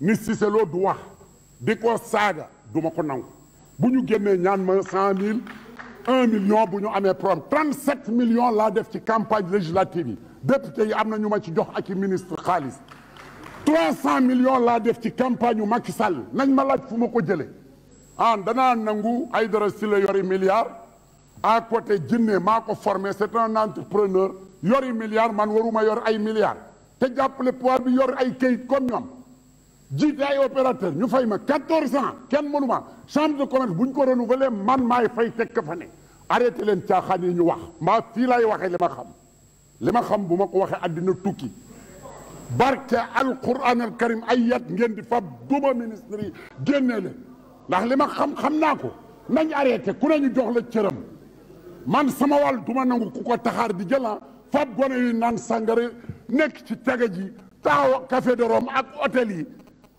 ni Cissé Lo du wax di ko saaga du ma ko nangu bu ñu génnee ñaan ma cent mille un million bu ñu amee problème trente sept millions laa def ci campagne législative yi député yi am na ñu ma ci jox ak i ministre xaalis trois cent millions laa def ci campagne yu Macky Sall nañ ma laaj fu ma ko jëlee ah danaa nangu ay dara si la yori milliard à côté jinne maa ko formé c'est un entrepreneur yori milliard man waruma yor ay milliard te jàpp jàppale pouvoir bi yor ay kayit comme ñoom جيت اي اوبيراتور ني فاي ما 14 سنه كان مونوما شام دو كوميرس بو نكو رينوفلي مان ماي فاي تك فاني اريتي لين تا خاني ني واخ ما في لاي واخي لما خم لما خم بو مكو واخي ادنا توكي بارك القران الكريم ايات نين دي فاب دوما مينستري جنل لا لما خم خمناكو ناني اريتي كو ناني جوخ لا تيرم مان سما وال دوما نانغو كوكو تخار دي جلا فاب غوني نان سانغري نيك تي تاغي تاو كافي دروم اك اوتيل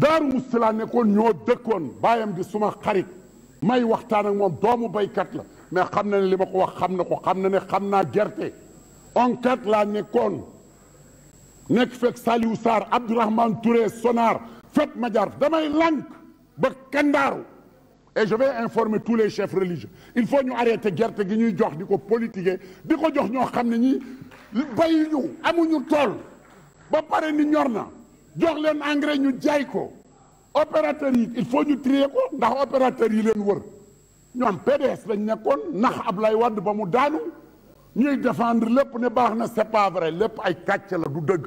daaru musti ne ko ñoo dëkkoon bayam di suma xarit may waxtaan ak moom doomu baykat la mais xam na ne li ma ko wax xam na ko xam na ne xam naa gerte onkat laa nekkoon nekk fekk Saliou sar abdourahman Touré Sonar fet ma damay lank ba kandaaru et je vais informer tous les chefs religieux il faut ñu arrêter gerte gi ñuy jox di ko politiquer di ko jox ñoo xam ne ñi bayuñu amuñu tool ba pare ni ñor na jox leen engrais ñu jaay ko opérateur yi il faut ñu trier ko ndax opérateur yi leen wër ñoom PDS lañ nekkoon nax Ablaye Wade ba mu daanu ñuy défendre lépp ne baax na c'est pas lépp ay kàcc la du dëgg